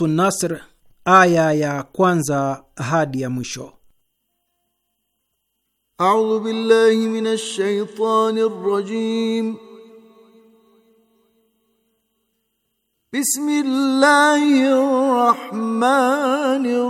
Suratu Nasr aya ya kwanza hadi ya mwisho. A'udhu billahi minash shaitani rrajim. Bismillahir rahmanir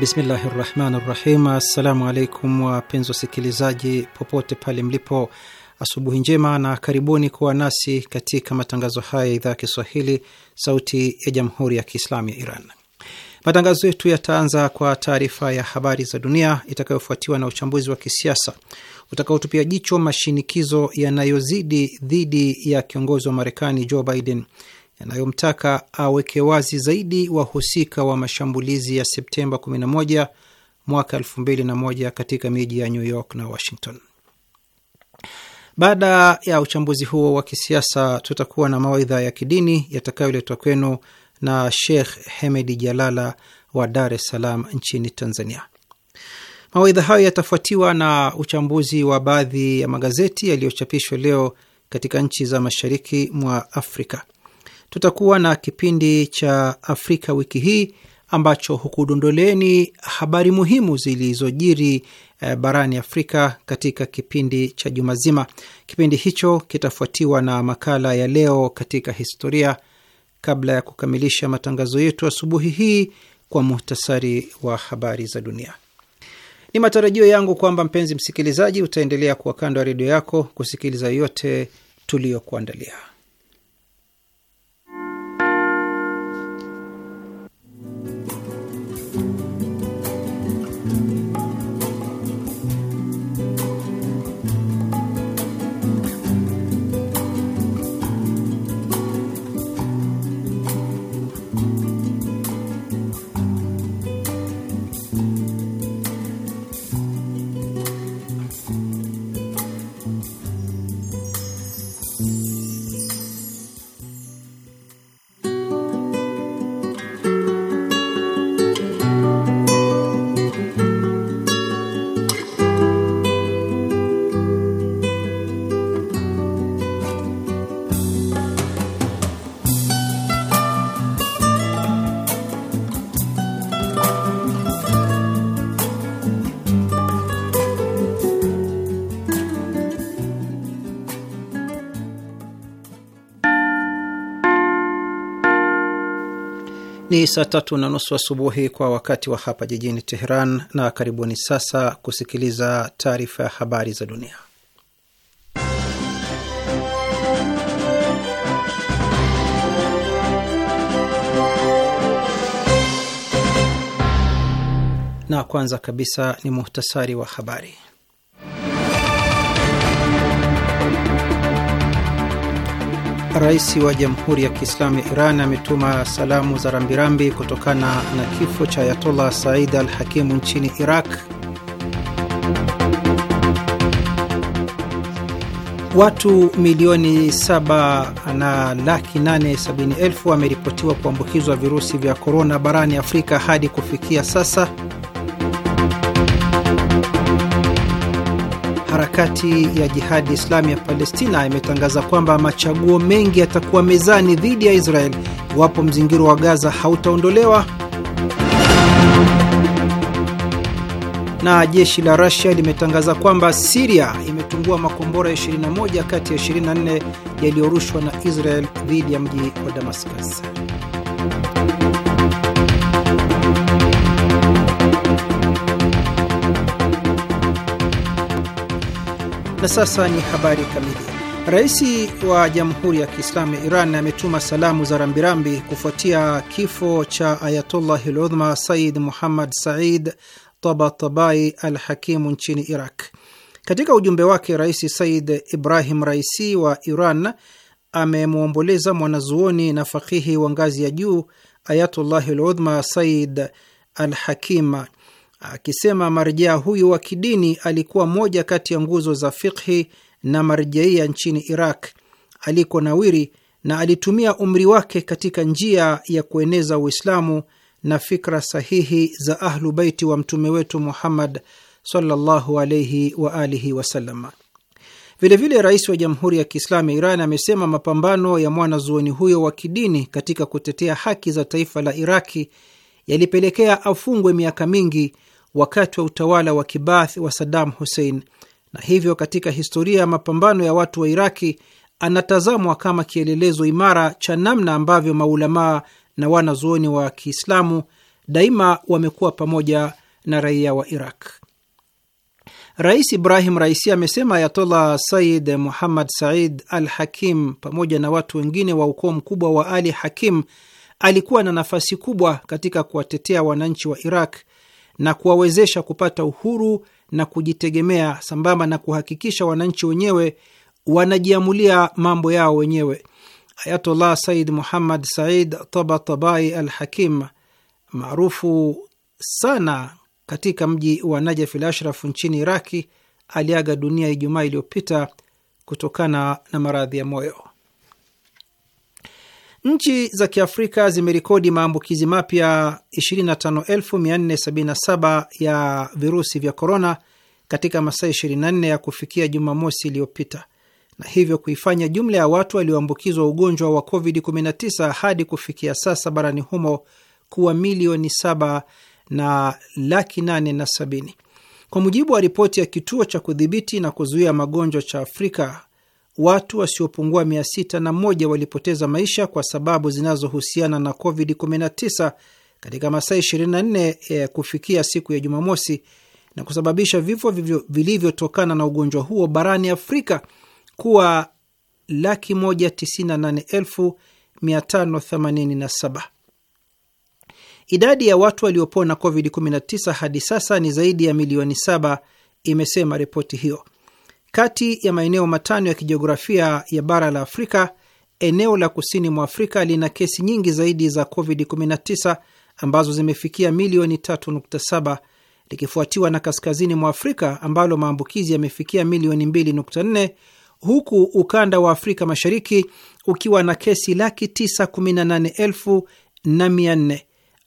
Bismillahi rahmani rahim. Assalamu alaikum wapenzi wasikilizaji popote pale mlipo, asubuhi njema na karibuni kuwa nasi katika matangazo haya ya idhaa ya Kiswahili, Sauti ya Jamhuri ya Kiislamu ya Iran. Matangazo yetu yataanza kwa taarifa ya habari za dunia itakayofuatiwa na uchambuzi wa kisiasa utakaotupia jicho mashinikizo yanayozidi dhidi ya kiongozi wa Marekani Joe Biden yanayomtaka aweke wazi zaidi wahusika wa mashambulizi ya Septemba 11 mwaka 2001 katika miji ya New York na Washington. Baada ya uchambuzi huo wa kisiasa, tutakuwa na mawaidha ya kidini yatakayoletwa kwenu na Sheikh Hemedi Jalala wa Dar es Salaam nchini Tanzania. Mawaidha hayo yatafuatiwa na uchambuzi wa baadhi ya magazeti yaliyochapishwa leo katika nchi za mashariki mwa Afrika tutakuwa na kipindi cha Afrika wiki hii ambacho hukudondoleni habari muhimu zilizojiri eh, barani Afrika katika kipindi cha juma zima. Kipindi hicho kitafuatiwa na makala ya leo katika historia, kabla ya kukamilisha matangazo yetu asubuhi hii kwa muhtasari wa habari za dunia. Ni matarajio yangu kwamba mpenzi msikilizaji, utaendelea kuwa kando ya redio yako kusikiliza yote tuliyokuandalia. Ni saa tatu na nusu asubuhi wa kwa wakati wa hapa jijini Teheran, na karibuni sasa kusikiliza taarifa ya habari za dunia. Na kwanza kabisa ni muhtasari wa habari. rais wa Jamhuri ya Kiislamu ya Iran ametuma salamu za rambirambi kutokana na kifo cha Ayatollah Said al Hakimu nchini Iraq. Watu milioni 7 na laki elfu wameripotiwa kuambukizwa virusi vya korona barani Afrika hadi kufikia sasa harakati ya Jihadi Islami ya Palestina imetangaza kwamba machaguo mengi yatakuwa mezani dhidi ya Israel iwapo mzingiro wa Gaza hautaondolewa. Na jeshi la rusia limetangaza kwamba Siria imetungua makombora 21 kati ya 24 yaliyorushwa na Israel dhidi ya mji wa Damascus. Na sasa ni habari kamili. Raisi wa Jamhuri ya Kiislamu ya Iran ametuma salamu za rambirambi kufuatia kifo cha Ayatullah Ludhma Said Muhammad Said Tabatabai al Hakimu nchini Iraq. Katika ujumbe wake, Rais Said Ibrahim Raisi wa Iran amemwomboleza mwanazuoni na fakihi wa ngazi ya juu Ayatullah Ludhma Said al Hakima akisema marjaa huyu wa kidini alikuwa moja kati ya nguzo za fikhi na marjaia nchini Iraq aliko nawiri na alitumia umri wake katika njia ya kueneza Uislamu na fikra sahihi za Ahlu Baiti wa mtume wetu Muhammad sallallahu wa alihi wasallam. Vilevile, rais wa Jamhuri ya Kiislamu ya Iran amesema mapambano ya mwanazuoni huyo wa kidini katika kutetea haki za taifa la Iraki yalipelekea afungwe miaka mingi wakati wa utawala wa Kibath wa Saddam Hussein, na hivyo katika historia ya mapambano ya watu wa Iraki anatazamwa kama kielelezo imara cha namna ambavyo maulamaa na wanazuoni wa Kiislamu daima wamekuwa pamoja na raia wa Iraq. Rais Ibrahim Raisi amesema Ayatollah Said Muhammad Said Al Hakim pamoja na watu wengine wa ukoo mkubwa wa Ali Hakim alikuwa na nafasi kubwa katika kuwatetea wananchi wa Iraq na kuwawezesha kupata uhuru na kujitegemea sambamba na kuhakikisha wananchi wenyewe wanajiamulia mambo yao wenyewe. Ayatullah Said Muhammad Said Tabatabai Al Hakim, maarufu sana katika mji wa Najaf Al Ashraf nchini Iraki, aliaga dunia Ijumaa iliyopita kutokana na maradhi ya moyo. Nchi za Kiafrika zimerekodi maambukizi mapya 25477 ya virusi vya korona katika masaa 24 ya kufikia Jumamosi iliyopita na hivyo kuifanya jumla ya watu walioambukizwa ugonjwa wa COVID-19 hadi kufikia sasa barani humo kuwa milioni 7 na laki 8 na sabini, kwa mujibu wa ripoti ya kituo cha kudhibiti na kuzuia magonjwa cha Afrika watu wasiopungua mia sita na moja walipoteza maisha kwa sababu zinazohusiana na COVID-19 katika masaa 24 ya e, kufikia siku ya Jumamosi na kusababisha vifo vilivyotokana na ugonjwa huo barani Afrika kuwa laki moja tisini na nane elfu mia tano themanini na saba. Idadi ya watu waliopona COVID-19 hadi sasa ni zaidi ya milioni saba, imesema ripoti hiyo. Kati ya maeneo matano ya kijiografia ya bara la Afrika, eneo la kusini mwa Afrika lina kesi nyingi zaidi za COVID-19 ambazo zimefikia milioni 3.7 likifuatiwa na kaskazini mwa Afrika ambalo maambukizi yamefikia milioni 2.4 huku ukanda wa Afrika Mashariki ukiwa na kesi laki tisa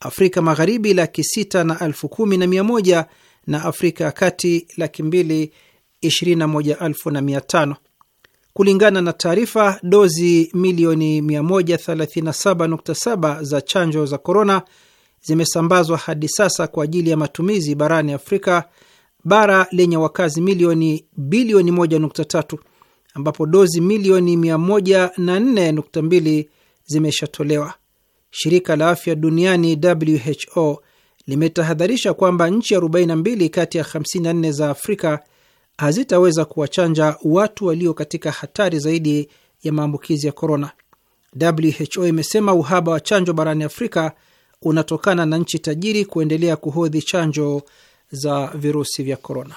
Afrika Magharibi laki 6 na elfu na na Afrika ya Kati laki 21500. Kulingana na taarifa, dozi milioni 137.7 za chanjo za korona zimesambazwa hadi sasa kwa ajili ya matumizi barani Afrika, bara lenye wakazi milioni bilioni 1.3, ambapo dozi milioni 104.2 zimeshatolewa. Shirika la afya duniani WHO limetahadharisha kwamba nchi 42 kati ya 54 za Afrika hazitaweza kuwachanja watu walio katika hatari zaidi ya maambukizi ya korona. WHO imesema uhaba wa chanjo barani Afrika unatokana na nchi tajiri kuendelea kuhodhi chanjo za virusi vya korona.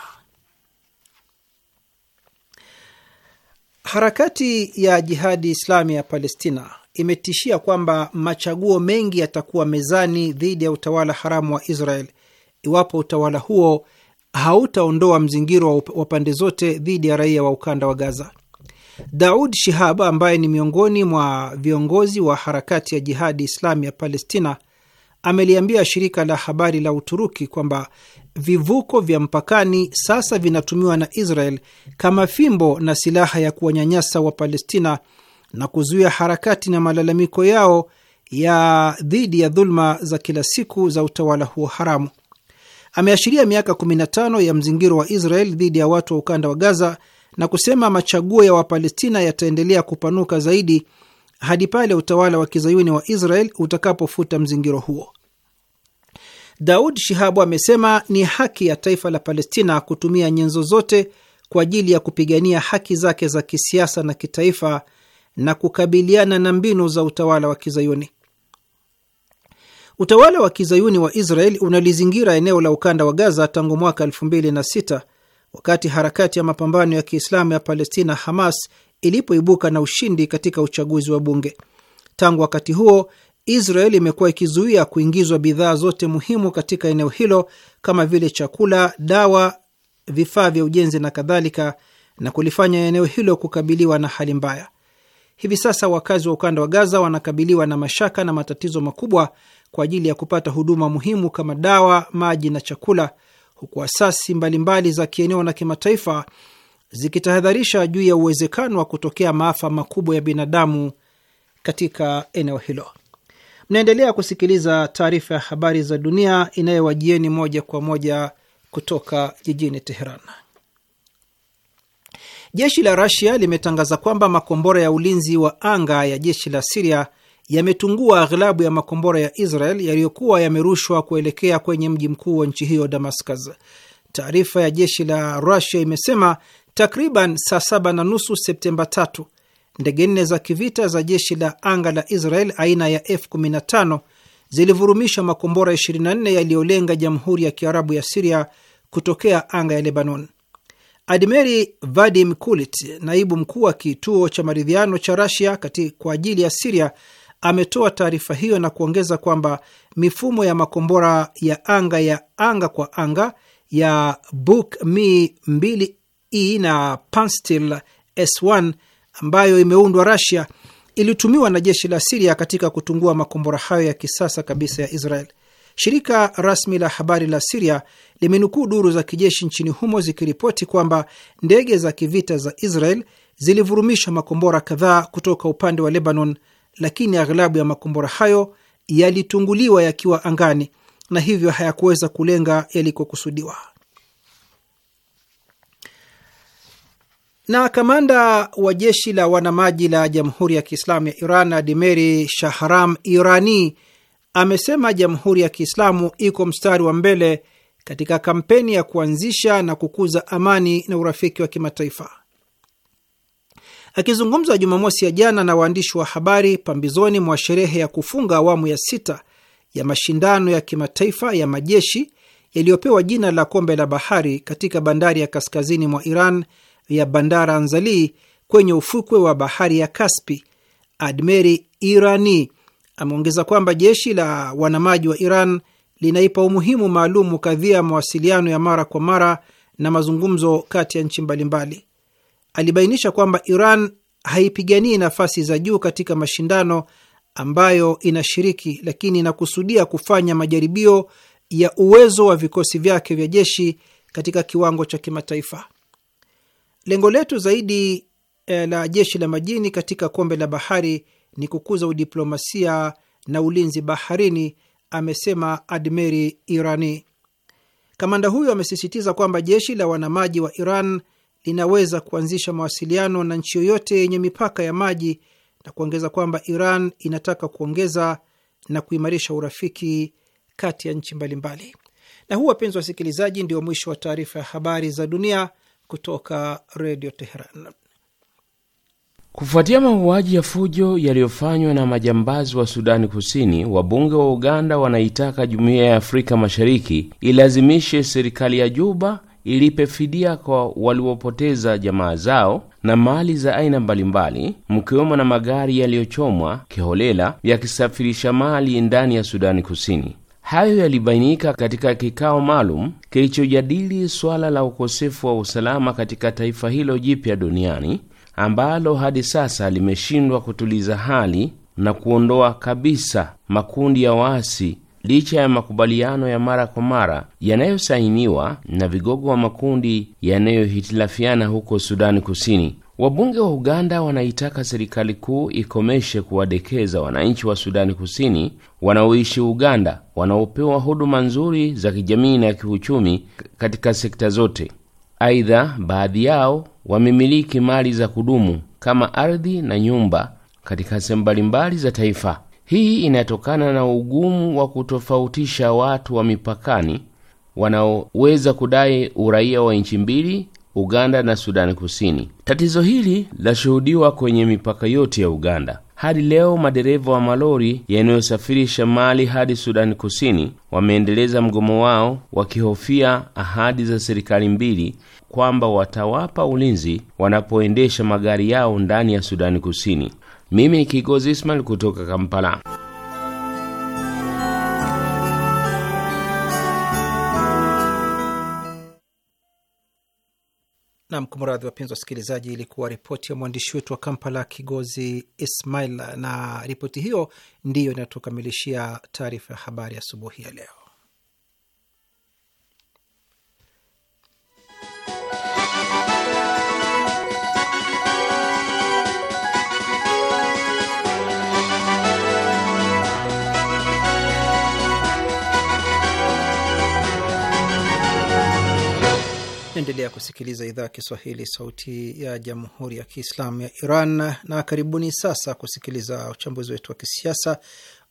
Harakati ya Jihadi Islami ya Palestina imetishia kwamba machaguo mengi yatakuwa mezani dhidi ya utawala haramu wa Israel iwapo utawala huo hautaondoa mzingiro wa pande zote dhidi ya raia wa ukanda wa Gaza. Daud Shihab ambaye ni miongoni mwa viongozi wa harakati ya Jihadi Islami ya Palestina ameliambia shirika la habari la Uturuki kwamba vivuko vya mpakani sasa vinatumiwa na Israel kama fimbo na silaha ya kuwanyanyasa Wapalestina na kuzuia harakati na malalamiko yao ya dhidi ya dhuluma za kila siku za utawala huo haramu ameashiria miaka 15 ya mzingiro wa Israel dhidi ya watu wa ukanda wa Gaza na kusema machaguo ya Wapalestina yataendelea kupanuka zaidi hadi pale utawala wa kizayuni wa Israel utakapofuta mzingiro huo. Daud Shihabu amesema ni haki ya taifa la Palestina kutumia nyenzo zote kwa ajili ya kupigania haki zake za kisiasa na kitaifa na kukabiliana na mbinu za utawala wa kizayuni. Utawala wa kizayuni wa Israel unalizingira eneo la ukanda wa Gaza tangu mwaka 2006 wakati harakati ya mapambano ya Kiislamu ya Palestina, Hamas, ilipoibuka na ushindi katika uchaguzi wa bunge. Tangu wakati huo Israel imekuwa ikizuia kuingizwa bidhaa zote muhimu katika eneo hilo kama vile chakula, dawa, vifaa vya ujenzi na kadhalika, na kulifanya eneo hilo kukabiliwa na hali mbaya. Hivi sasa wakazi wa ukanda wa Gaza wanakabiliwa na mashaka na matatizo makubwa kwa ajili ya kupata huduma muhimu kama dawa, maji na chakula, huku asasi mbalimbali za kieneo na kimataifa zikitahadharisha juu ya uwezekano wa kutokea maafa makubwa ya binadamu katika eneo hilo. Mnaendelea kusikiliza taarifa ya habari za dunia inayowajieni moja kwa moja kutoka jijini Teheran. Jeshi la Rasia limetangaza kwamba makombora ya ulinzi wa anga ya jeshi la Siria yametungua aghlabu ya makombora ya Israel yaliyokuwa yamerushwa kuelekea kwenye mji mkuu wa nchi hiyo Damascus. Taarifa ya jeshi la Rusia imesema takriban saa saba na nusu Septemba tatu, ndege nne za kivita za jeshi la anga la Israel aina ya F15 zilivurumisha makombora 24 yaliyolenga jamhuri ya kiarabu ya Siria kutokea anga ya Lebanon. Admeri Vadim Kulit, naibu mkuu wa kituo cha maridhiano cha Rasia kwa ajili ya Siria, ametoa taarifa hiyo na kuongeza kwamba mifumo ya makombora ya anga ya anga kwa anga ya Buk Mi 2E na Panstil S1 ambayo imeundwa Rasia ilitumiwa na jeshi la Siria katika kutungua makombora hayo ya kisasa kabisa ya Israel. Shirika rasmi la habari la Siria limenukuu duru za kijeshi nchini humo zikiripoti kwamba ndege za kivita za Israel zilivurumisha makombora kadhaa kutoka upande wa Lebanon lakini aghlabu ya makombora hayo yalitunguliwa yakiwa angani na hivyo hayakuweza kulenga yalikokusudiwa. Na kamanda wa jeshi la wanamaji la Jamhuri ya Kiislamu ya Iran Adimeri Shahram Irani amesema Jamhuri ya Kiislamu iko mstari wa mbele katika kampeni ya kuanzisha na kukuza amani na urafiki wa kimataifa. Akizungumza Jumamosi ya jana na waandishi wa habari pambizoni mwa sherehe ya kufunga awamu ya sita ya mashindano ya kimataifa ya majeshi yaliyopewa jina la Kombe la Bahari katika bandari ya kaskazini mwa Iran ya Bandar Anzali kwenye ufukwe wa bahari ya Kaspi, Admeri Irani ameongeza kwamba jeshi la wanamaji wa Iran linaipa umuhimu maalumu kadhia mawasiliano ya mara kwa mara na mazungumzo kati ya nchi mbalimbali alibainisha kwamba Iran haipiganii nafasi za juu katika mashindano ambayo inashiriki, lakini inakusudia kufanya majaribio ya uwezo wa vikosi vyake vya jeshi katika kiwango cha kimataifa. Lengo letu zaidi eh, la jeshi la majini katika kombe la bahari ni kukuza udiplomasia na ulinzi baharini, amesema Admeri Irani. Kamanda huyo amesisitiza kwamba jeshi la wanamaji wa Iran linaweza kuanzisha mawasiliano na nchi yoyote yenye mipaka ya maji na kuongeza kwamba Iran inataka kuongeza na kuimarisha urafiki kati ya nchi mbalimbali. Na huu, wapenzi wasikilizaji, ndio mwisho wa taarifa ya habari za dunia kutoka Redio Teheran. Kufuatia mauaji ya fujo yaliyofanywa na majambazi wa Sudani Kusini, wabunge wa Uganda wanaitaka jumuiya ya Afrika Mashariki ilazimishe serikali ya Juba ilipe fidia kwa waliopoteza jamaa zao na mali za aina mbalimbali mkiwemo na magari yaliyochomwa kiholela yakisafirisha mali ndani ya Sudani Kusini. Hayo yalibainika katika kikao maalum kilichojadili suala la ukosefu wa usalama katika taifa hilo jipya duniani ambalo hadi sasa limeshindwa kutuliza hali na kuondoa kabisa makundi ya waasi licha ya makubaliano ya mara kwa mara yanayosainiwa na vigogo wa makundi yanayohitilafiana huko Sudani Kusini. Wabunge wa Uganda wanaitaka serikali kuu ikomeshe kuwadekeza wananchi wa Sudani Kusini wanaoishi Uganda, wanaopewa huduma nzuri za kijamii na kiuchumi katika sekta zote. Aidha, baadhi yao wamemiliki mali za kudumu kama ardhi na nyumba katika sehemu mbalimbali za taifa. Hii inatokana na ugumu wa kutofautisha watu wa mipakani wanaoweza kudai uraia wa nchi mbili, Uganda na Sudani Kusini. Tatizo hili lashuhudiwa kwenye mipaka yote ya Uganda. Hadi leo madereva wa malori yanayosafirisha mali hadi Sudani Kusini wameendeleza mgomo wao wakihofia ahadi za serikali mbili kwamba watawapa ulinzi wanapoendesha magari yao ndani ya Sudani Kusini. Mimi ni Kigozi Ismail kutoka Kampala. Nam, kumradhi wapenzi wasikilizaji, ilikuwa ripoti ya mwandishi wetu wa Kampala, Kigozi Ismail, na ripoti hiyo ndiyo inatukamilishia taarifa ya habari asubuhi ya leo. Naendelea kusikiliza idhaa ya Kiswahili, sauti ya jamhuri ya kiislamu ya Iran, na karibuni sasa kusikiliza uchambuzi wetu wa kisiasa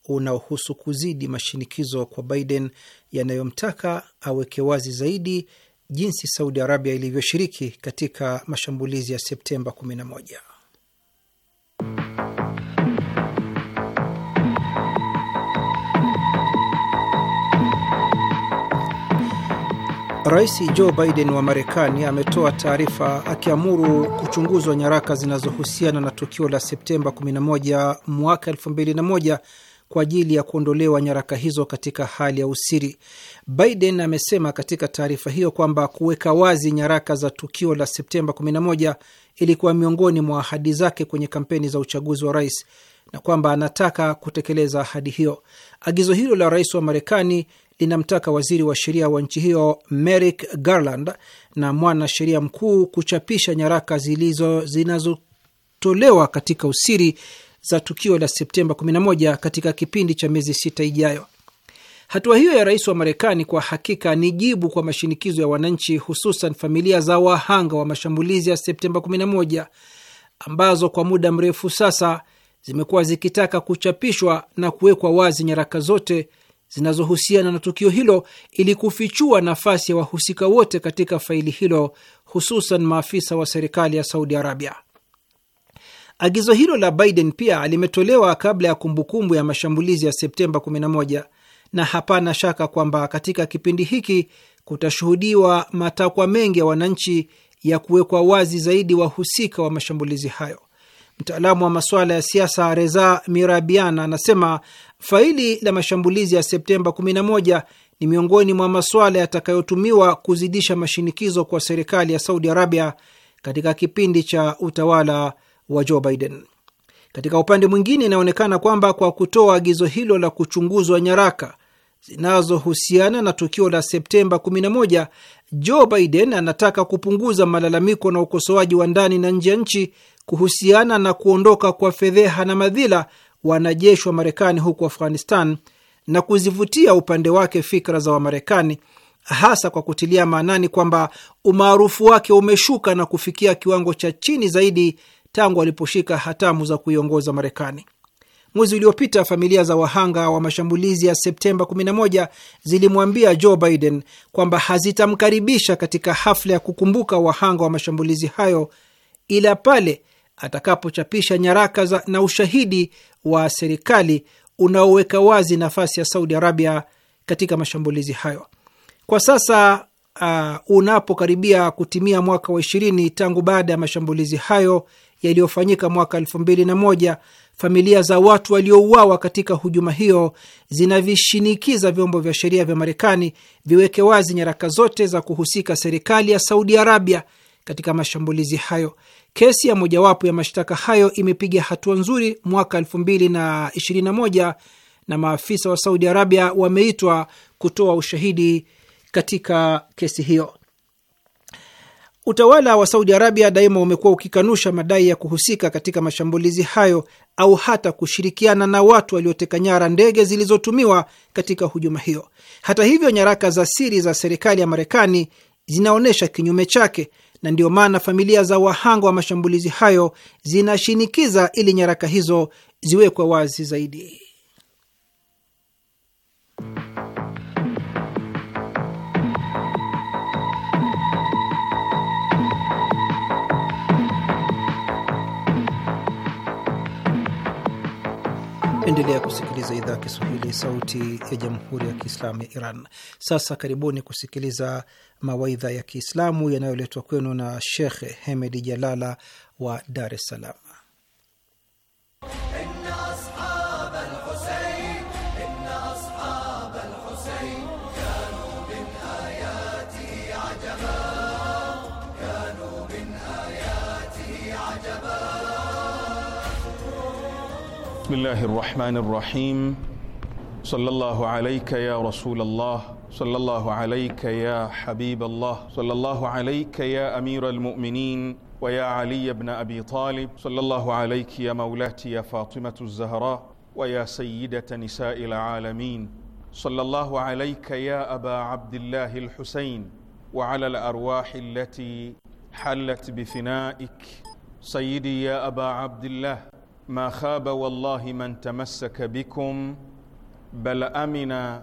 unaohusu kuzidi mashinikizo kwa Biden yanayomtaka aweke wazi zaidi jinsi Saudi Arabia ilivyoshiriki katika mashambulizi ya Septemba 11. Rais Joe Biden wa Marekani ametoa taarifa akiamuru kuchunguzwa nyaraka zinazohusiana na tukio la Septemba 11 mwaka 2001 kwa ajili ya kuondolewa nyaraka hizo katika hali ya usiri. Biden amesema katika taarifa hiyo kwamba kuweka wazi nyaraka za tukio la Septemba 11 ilikuwa miongoni mwa ahadi zake kwenye kampeni za uchaguzi wa rais na kwamba anataka kutekeleza ahadi hiyo. Agizo hilo la rais wa Marekani linamtaka waziri wa sheria wa nchi hiyo Merrick Garland na sheria mkuu kuchapisha nyaraka zilizo zinazotolewa katika usiri za tukio la Septemba 11 katika kipindi cha miezi sita ijayo. Hatua hiyo ya rais wa Marekani kwa hakika ni jibu kwa mashinikizo ya wananchi, hususan familia za wahanga wa mashambulizi ya Septemba 11 ambazo kwa muda mrefu sasa zimekuwa zikitaka kuchapishwa na kuwekwa wazi nyaraka zote zinazohusiana na tukio hilo ili kufichua nafasi ya wahusika wote katika faili hilo, hususan maafisa wa serikali ya Saudi Arabia. Agizo hilo la Biden pia limetolewa kabla ya kumbukumbu ya mashambulizi ya Septemba 11 na hapana shaka kwamba katika kipindi hiki kutashuhudiwa matakwa mengi ya wananchi ya kuwekwa wazi zaidi wahusika wa mashambulizi hayo. Mtaalamu wa masuala ya siasa Reza Mirabiana anasema Faili la mashambulizi ya Septemba 11 ni miongoni mwa masuala yatakayotumiwa kuzidisha mashinikizo kwa serikali ya Saudi Arabia katika kipindi cha utawala wa Joe Biden. Katika upande mwingine, inaonekana kwamba kwa kutoa agizo hilo la kuchunguzwa nyaraka zinazohusiana na tukio la Septemba 11, Joe Biden anataka kupunguza malalamiko na ukosoaji wa ndani na nje ya nchi kuhusiana na kuondoka kwa fedheha na madhila wanajeshi wa Marekani huku Afghanistan na kuzivutia upande wake fikra za Wamarekani, hasa kwa kutilia maanani kwamba umaarufu wake umeshuka na kufikia kiwango cha chini zaidi tangu aliposhika hatamu za kuiongoza Marekani. Mwezi uliopita familia za wahanga wa mashambulizi ya Septemba 11 zilimwambia Joe Biden kwamba hazitamkaribisha katika hafla ya kukumbuka wahanga wa mashambulizi hayo ila pale atakapochapisha nyaraka za, na ushahidi wa serikali unaoweka wazi nafasi ya Saudi Arabia katika mashambulizi hayo. Kwa sasa uh, unapokaribia kutimia mwaka wa ishirini tangu baada ya mashambulizi hayo yaliyofanyika mwaka elfu mbili na moja, familia za watu waliouawa katika hujuma hiyo zinavishinikiza vyombo vya sheria vya Marekani viweke wazi nyaraka zote za kuhusika serikali ya Saudi Arabia katika mashambulizi hayo. Kesi ya mojawapo ya mashtaka hayo imepiga hatua nzuri mwaka 2021 na maafisa wa Saudi Arabia wameitwa kutoa ushahidi katika kesi hiyo. Utawala wa Saudi Arabia daima umekuwa ukikanusha madai ya kuhusika katika mashambulizi hayo au hata kushirikiana na watu walioteka nyara ndege zilizotumiwa katika hujuma hiyo. Hata hivyo, nyaraka za siri za serikali ya Marekani zinaonyesha kinyume chake na ndiyo maana familia za wahanga wa mashambulizi hayo zinashinikiza ili nyaraka hizo ziwekwe wazi zaidi. Endelea kusikiliza idhaa ya Kiswahili, sauti ya jamhuri ya kiislamu ya Iran. Sasa karibuni kusikiliza mawaidha ya Kiislamu yanayoletwa kwenu na shekhe Hemedi Jalala wa Dar es Salaam. بسم الله الرحمن الرحيم صلى الله عليك يا رسول الله صلى الله عليك يا حبيب الله صلى الله عليك يا امير المؤمنين ويا علي بن ابي طالب صلى الله عليك يا مولاتي يا فاطمه الزهراء ويا سيده نساء العالمين صلى الله عليك يا ابا عبد الله الحسين وعلى الارواح التي حلت بفنائك سيدي يا ابا عبد الله ما خاب والله من تمسك بكم بل امن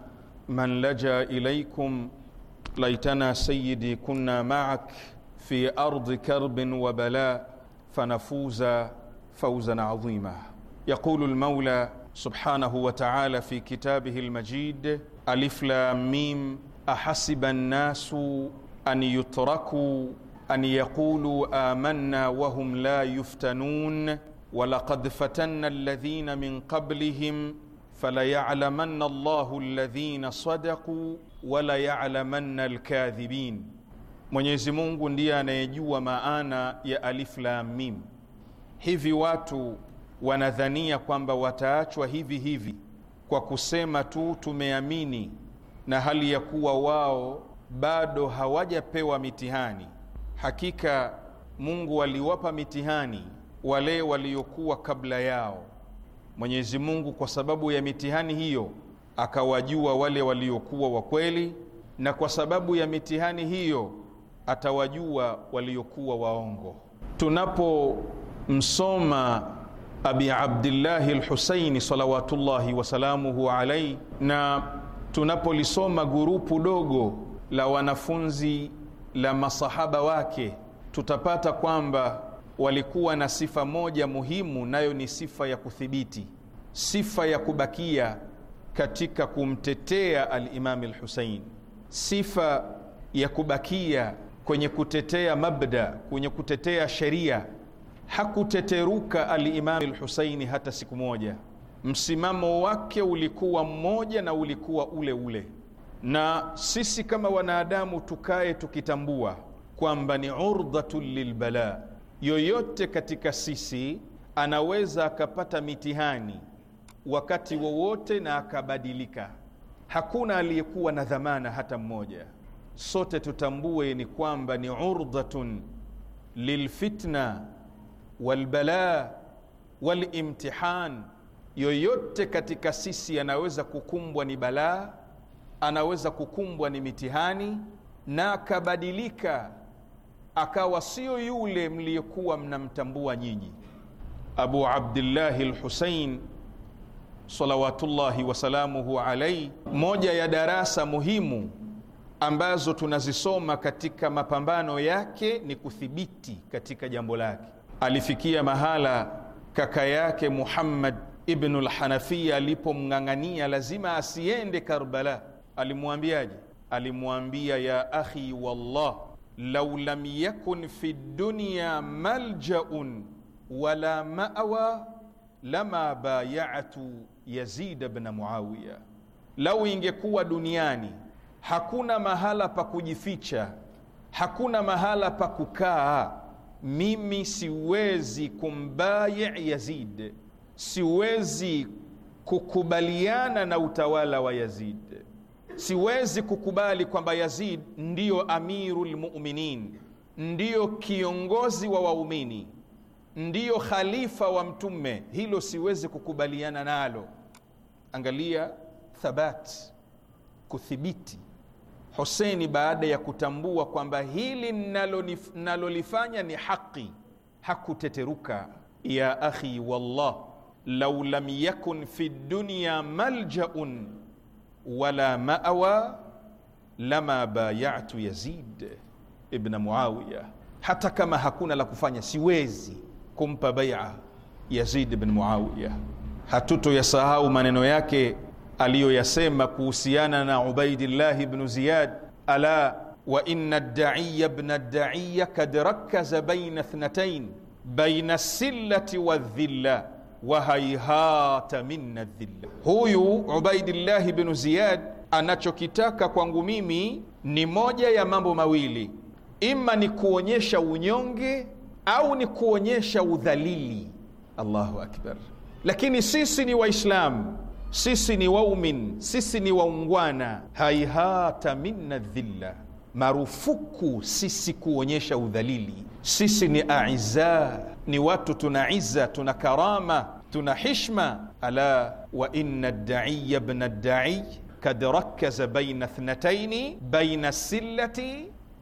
من لجا اليكم ليتنا سيدي كنا معك في ارض كرب وبلاء فنفوز فوزا عظيما يقول المولى سبحانه وتعالى في كتابه المجيد الف لام ميم احسب الناس ان يتركوا ان يقولوا امنا وهم لا يفتنون walaqad fatanna alladhina min qablihim falayalamanna Allahu alladhina sadaqu walayalamanna alkadhibin, Mwenyezi Mungu ndiye anayejua maana ya alif lam mim. Hivi watu wanadhania kwamba wataachwa hivi hivi kwa kusema tu tumeamini, na hali ya kuwa wao bado hawajapewa mitihani. Hakika Mungu aliwapa mitihani wale waliokuwa kabla yao. Mwenyezi Mungu kwa sababu ya mitihani hiyo akawajua wale waliokuwa wa kweli, na kwa sababu ya mitihani hiyo atawajua waliokuwa waongo. Tunapomsoma Abi Abdillahi Lhusaini salawatullahi wasalamuhu alaihi, na tunapolisoma gurupu dogo la wanafunzi la masahaba wake tutapata kwamba walikuwa na sifa moja muhimu, nayo ni sifa ya kuthibiti, sifa ya kubakia katika kumtetea Alimami Lhusein, sifa ya kubakia kwenye kutetea mabda, kwenye kutetea sheria. Hakuteteruka Alimami Lhuseini hata siku moja. Msimamo wake ulikuwa mmoja na ulikuwa ule ule, na sisi kama wanadamu tukae tukitambua kwamba ni urdhatun lilbala yoyote katika sisi anaweza akapata mitihani wakati wowote na akabadilika. Hakuna aliyekuwa na dhamana hata mmoja. Sote tutambue ni kwamba ni urdhatun lilfitna walbala walimtihan. Yoyote katika sisi anaweza kukumbwa ni balaa, anaweza kukumbwa ni mitihani na akabadilika akawa sio yule mliyekuwa mnamtambua nyinyi. Abu Abdillahi lhusein salawatullahi wasalamuhu alaihi, moja ya darasa muhimu ambazo tunazisoma katika mapambano yake ni kuthibiti katika jambo lake. Alifikia mahala kaka yake Muhammad ibnu lhanafia alipomng'ang'ania lazima asiende Karbala, alimwambiaje? Alimwambia, ya akhi wallah lau lam yakun fi dunya maljaun wala mawa lama bayatu Yazid bna Muawiya, lau ingekuwa duniani hakuna mahala pa kujificha, hakuna mahala pa kukaa, mimi siwezi kumbayi Yazid, siwezi kukubaliana na utawala wa Yazid. Siwezi kukubali kwamba Yazid ndiyo amirul mu'minin, ndiyo kiongozi wa waumini, ndiyo khalifa wa Mtume. Hilo siwezi kukubaliana nalo. Angalia thabat, kuthibiti. Huseini baada ya kutambua kwamba hili nalolifanya ni haki, hakuteteruka. Ya akhi, wallah lau lam yakun fi dunya maljaun wala ma'wa lama bayatu Yazid ibn Muawiya, hata kama hakuna la kufanya, siwezi kumpa baia Yazid ibn Muawiya. Hatutoyasahau maneno yake aliyoyasema kuhusiana na Ubaidillahi bnu Ziyad, ala wa inna daiya bna daiya kad rakaza baina thnatain baina sillati wa dhilla wa haihata minna dhilla. Huyu Ubaidillahi bnu Ziyad anachokitaka kwangu mimi ni moja ya mambo mawili, ima ni kuonyesha unyonge au ni kuonyesha udhalili. Allahu akbar! Lakini sisi ni Waislamu, sisi ni waumin, sisi ni waungwana. Haihata minna dhilla marufuku sisi kuonyesha udhalili. Sisi ni aiza, ni watu tuna iza, tuna karama, tuna hishma. Ala wa inna daiya bna dai kad rakaza baina thnataini baina sillati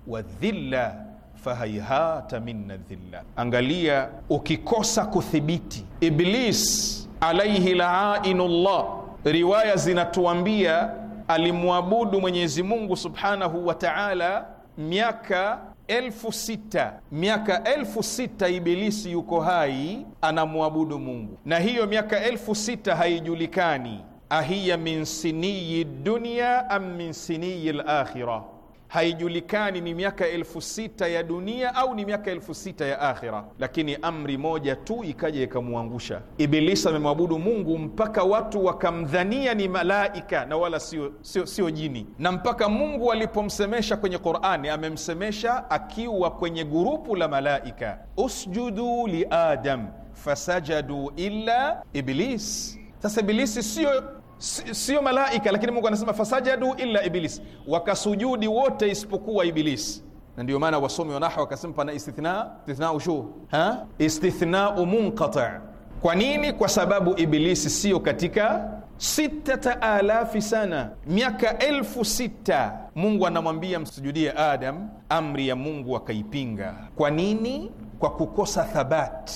wa dhilla fahaihata minna dhilla. Angalia, ukikosa kuthibiti, Iblis alaihi laainu llah, riwaya zinatuambia alimwabudu Mwenyezi Mungu subhanahu wa taala miaka elfu sita miaka elfu sita Ibilisi yuko hai anamwabudu Mungu, na hiyo miaka elfu sita haijulikani ahiya min siniyi dunia am min siniyi lakhira haijulikani ni miaka elfu sita ya dunia au ni miaka elfu sita ya akhira, lakini amri moja tu ikaja ikamwangusha Ibilisi. Amemwabudu Mungu mpaka watu wakamdhania ni malaika na wala sio, sio, sio jini, na mpaka Mungu alipomsemesha kwenye Qurani amemsemesha akiwa kwenye gurupu la malaika, usjudu li Adam fasajadu illa Iblis. Sasa Ibilisi sio sio malaika, lakini Mungu anasema fasajadu illa iblis, wakasujudi wote isipokuwa Iblis. Na ndio maana wasomi wanaha wakasema pana istithna istithna ushu ha istithnau munqati. Kwa nini? Kwa sababu Iblis sio katika sitata alafi sana miaka elfu sita Mungu anamwambia msujudie Adam, amri ya Mungu akaipinga. Kwa nini? Kwa kukosa thabati,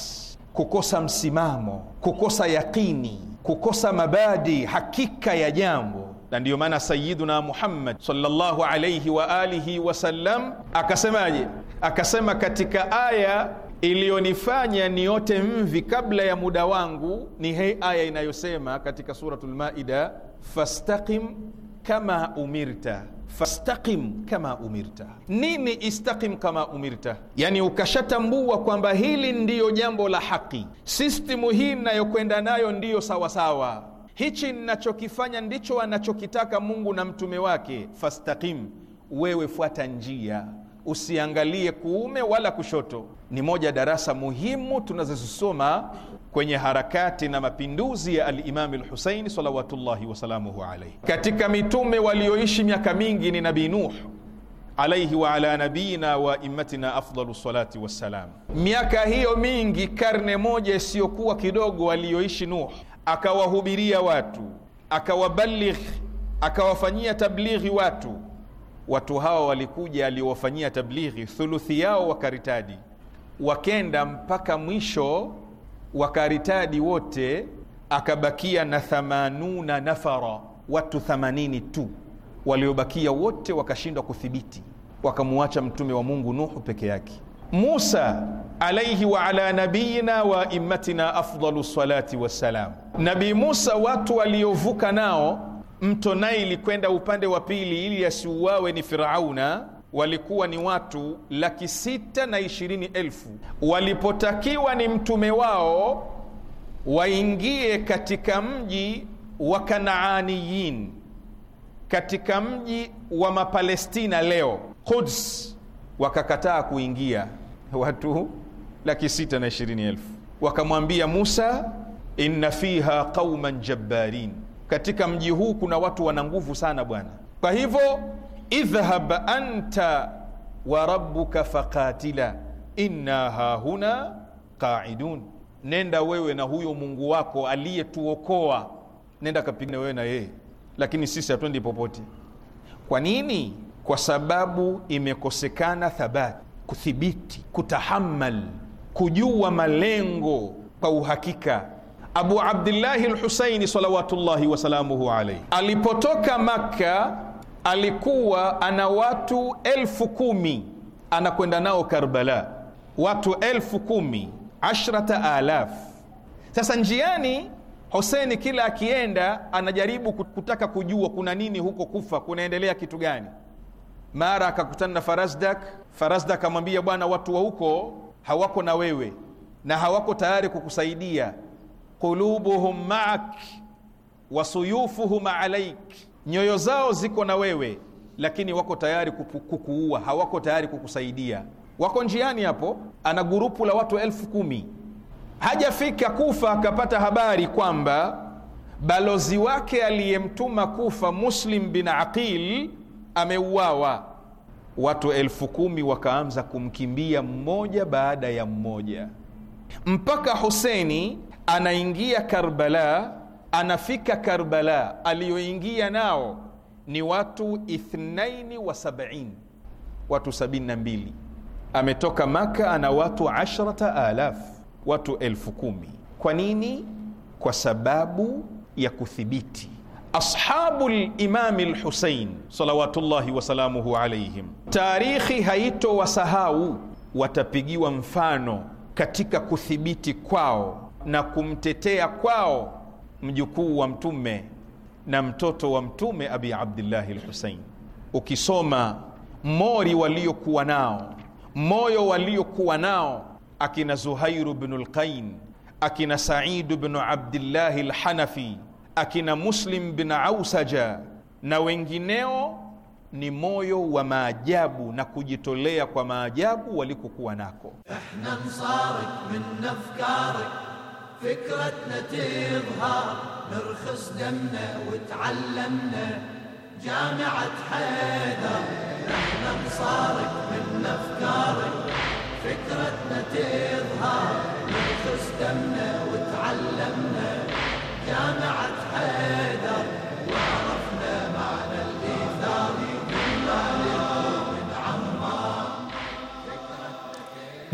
kukosa msimamo, kukosa yaqini kukosa mabadi hakika ya jambo na ndiyo maana Sayiduna Muhammad sallallahu alaihi wa alihi wasallam akasemaje? Akasema katika aya iliyonifanya niote mvi kabla ya muda wangu ni hii aya inayosema katika Suratul Maida, fastaqim kama umirta fastaqim kama umirta. Nini istaqim kama umirta? Yani ukashatambua kwamba hili ndiyo jambo la haki, sistimu hii nayokwenda nayo ndiyo sawasawa, hichi ninachokifanya ndicho anachokitaka Mungu na mtume wake. Fastaqim, wewe fuata njia usiangalie kuume wala kushoto. Ni moja darasa muhimu tunazozisoma kwenye harakati na mapinduzi ya Alimami Lhuseini salawatullahi wasalamuhu alaihi. Katika mitume walioishi miaka mingi ni Nabii Nuh alaihi wa ala nabiina wa immatina afdalu salati wassalam. Miaka hiyo mingi, karne moja isiyokuwa kidogo, aliyoishi Nuh, akawahubiria watu, akawabaligh, akawafanyia tablighi watu. Watu hawa walikuja, aliowafanyia tablighi, thuluthi yao wakaritadi, wakenda mpaka mwisho wakaritadi wote, akabakia na thamanuna nafara, watu 80 tu waliobakia wote wakashindwa kuthibiti, wakamuacha mtume wa Mungu Nuhu peke yake. Musa alaihi wa ala nabiyina wa immatina afdalu salati wassalam. Nabii Musa, watu waliovuka nao mto Naili kwenda upande wa pili ili asiuawe ni Firauna walikuwa ni watu laki sita na ishirini elfu walipotakiwa ni mtume wao waingie katika mji wa Kanaaniyin, katika mji wa Mapalestina leo Quds, wakakataa kuingia watu laki sita na ishirini elfu. Wakamwambia Musa, inna fiha qauman jabbarin, katika mji huu kuna watu wana nguvu sana bwana, kwa hivyo idhhab anta wa rabbuka faqatila inna hahuna qaidun, nenda wewe na huyo Mungu wako aliyetuokoa, nenda kapigane wewe na yeye, lakini sisi hatuendi popote. Kwa nini? Kwa sababu imekosekana thabati, kuthibiti, kutahammal, kujua malengo kwa uhakika. Abu Abdillahi Lhusaini salawatullahi wasalamuhu alaihi alipotoka Makka alikuwa ana watu elfu kumi anakwenda nao Karbala, watu elfu kumi ashrata alaf. Sasa njiani Hoseni kila akienda anajaribu kutaka kujua kuna nini huko Kufa, kunaendelea kitu gani. Mara akakutana na Farasdak. Farasdak amwambia, bwana, watu wa huko hawako na wewe na hawako tayari kukusaidia. qulubuhum maak wasuyufuhum alaik nyoyo zao ziko na wewe, lakini wako tayari kukuua, hawako tayari kukusaidia. Wako njiani hapo, ana gurupu la watu elfu kumi. Hajafika Kufa akapata habari kwamba balozi wake aliyemtuma Kufa, Muslim bin Aqil, ameuawa. Watu elfu kumi wakaanza kumkimbia mmoja baada ya mmoja, mpaka Huseni anaingia Karbala anafika Karbala, aliyoingia nao ni watu ithnaini wa sabaini, watu sabini na mbili. Ametoka Maka ana watu ashrata alaf, watu elfu kumi. Kwa nini? Kwa sababu ya kuthibiti ashabu limami lhusein salawatullahi wasalamuhu alaihim, tarikhi haito wasahau, watapigiwa mfano katika kuthibiti kwao na kumtetea kwao mjukuu wa mtume na mtoto wa mtume Abi Abdillahi Lhusein. Ukisoma mori waliokuwa nao, moyo waliokuwa nao akina Zuhairu bnu Lqain, akina Saidu bnu Abdillahi Lhanafi, akina Muslim bin Ausaja na wengineo, ni moyo wa maajabu na kujitolea kwa maajabu walikokuwa nako. فكرتنا تظهر نرخص دمنا وتعلمنا جامعة حيدر نحن نصارك من افكارك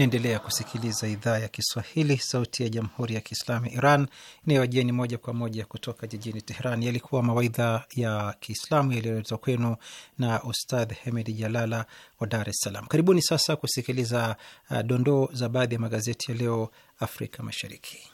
Naendelea kusikiliza idhaa ya Kiswahili, sauti ya jamhuri ya kiislamu ya Iran inayowajieni moja kwa moja kutoka jijini Teheran. Yalikuwa mawaidha ya Kiislamu yaliyoletwa kwenu na Ustadh Hemedi Jalala wa Dar es Salaam. Karibuni sasa kusikiliza uh, dondoo za baadhi ya magazeti ya leo Afrika Mashariki.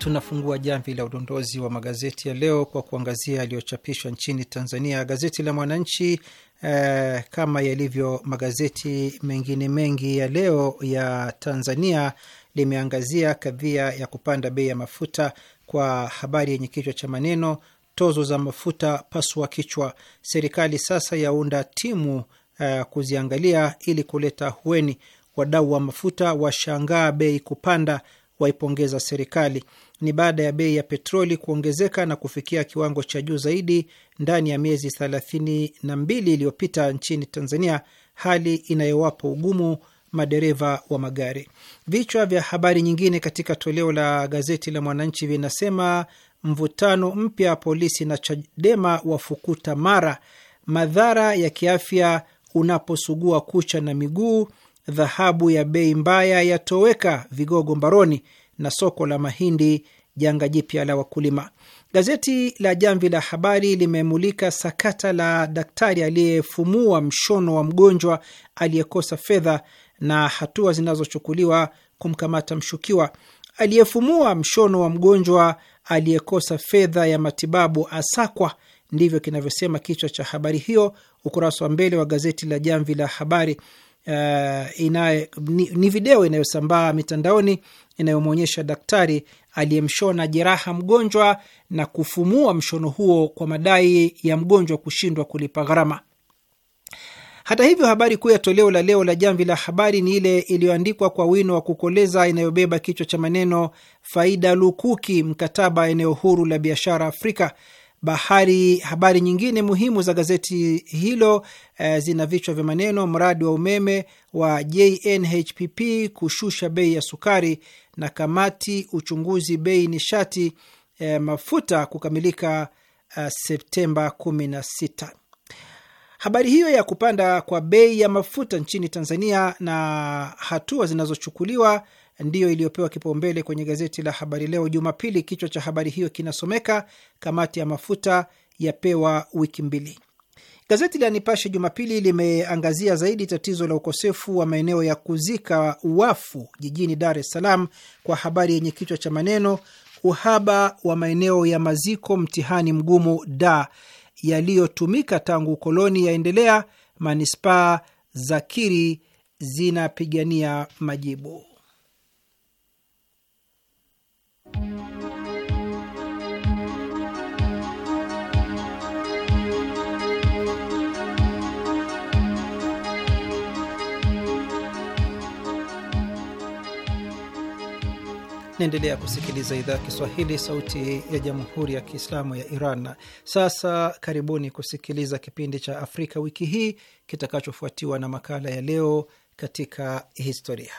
Tunafungua jamvi la udondozi wa magazeti ya leo kwa kuangazia yaliyochapishwa nchini Tanzania. Gazeti la Mwananchi eh, kama yalivyo magazeti mengine mengi ya leo ya Tanzania limeangazia kadhia ya kupanda bei ya mafuta kwa habari yenye kichwa cha maneno tozo za mafuta pasua kichwa, serikali sasa yaunda timu eh, kuziangalia ili kuleta hueni. Wadau wa mafuta washangaa bei kupanda, waipongeza serikali. Ni baada ya bei ya petroli kuongezeka na kufikia kiwango cha juu zaidi ndani ya miezi thelathini na mbili iliyopita nchini Tanzania, hali inayowapa ugumu madereva wa magari. Vichwa vya habari nyingine katika toleo la gazeti la Mwananchi vinasema mvutano mpya, polisi na Chadema wafukuta Mara, madhara ya kiafya unaposugua kucha na miguu, dhahabu ya bei mbaya yatoweka vigogo mbaroni, na soko la mahindi janga jipya la wakulima. Gazeti la Jamvi la Habari limemulika sakata la daktari aliyefumua mshono wa mgonjwa aliyekosa fedha na hatua zinazochukuliwa kumkamata mshukiwa aliyefumua mshono wa mgonjwa aliyekosa fedha ya matibabu asakwa. Ndivyo kinavyosema kichwa cha habari hiyo, ukurasa wa mbele wa gazeti la Jamvi la Habari uh, eh, inaye, ni, ni video inayosambaa mitandaoni inayomwonyesha daktari aliyemshona jeraha mgonjwa na kufumua mshono huo kwa madai ya mgonjwa kushindwa kulipa gharama. Hata hivyo, habari kuu ya toleo la leo la Jamvi la Habari ni ile iliyoandikwa kwa wino wa kukoleza inayobeba kichwa cha maneno faida lukuki, mkataba eneo huru la biashara Afrika bahari. Habari nyingine muhimu za gazeti hilo eh, zina vichwa vya maneno: mradi wa umeme wa JNHPP kushusha bei ya sukari, na kamati uchunguzi bei nishati eh, mafuta kukamilika eh, Septemba 16. Habari hiyo ya kupanda kwa bei ya mafuta nchini Tanzania na hatua zinazochukuliwa ndiyo iliyopewa kipaumbele kwenye gazeti la Habari Leo Jumapili. Kichwa cha habari hiyo kinasomeka kamati ya mafuta yapewa wiki mbili. Gazeti la Nipashe Jumapili limeangazia zaidi tatizo la ukosefu wa maeneo ya kuzika wafu jijini Dar es Salaam kwa habari yenye kichwa cha maneno uhaba wa maeneo ya maziko mtihani mgumu, da yaliyotumika tangu ukoloni yaendelea, manispaa zakiri zinapigania majibu. Naendelea kusikiliza idhaa ya Kiswahili, sauti ya jamhuri ya kiislamu ya Iran. Sasa karibuni kusikiliza kipindi cha Afrika wiki hii kitakachofuatiwa na makala ya leo katika historia.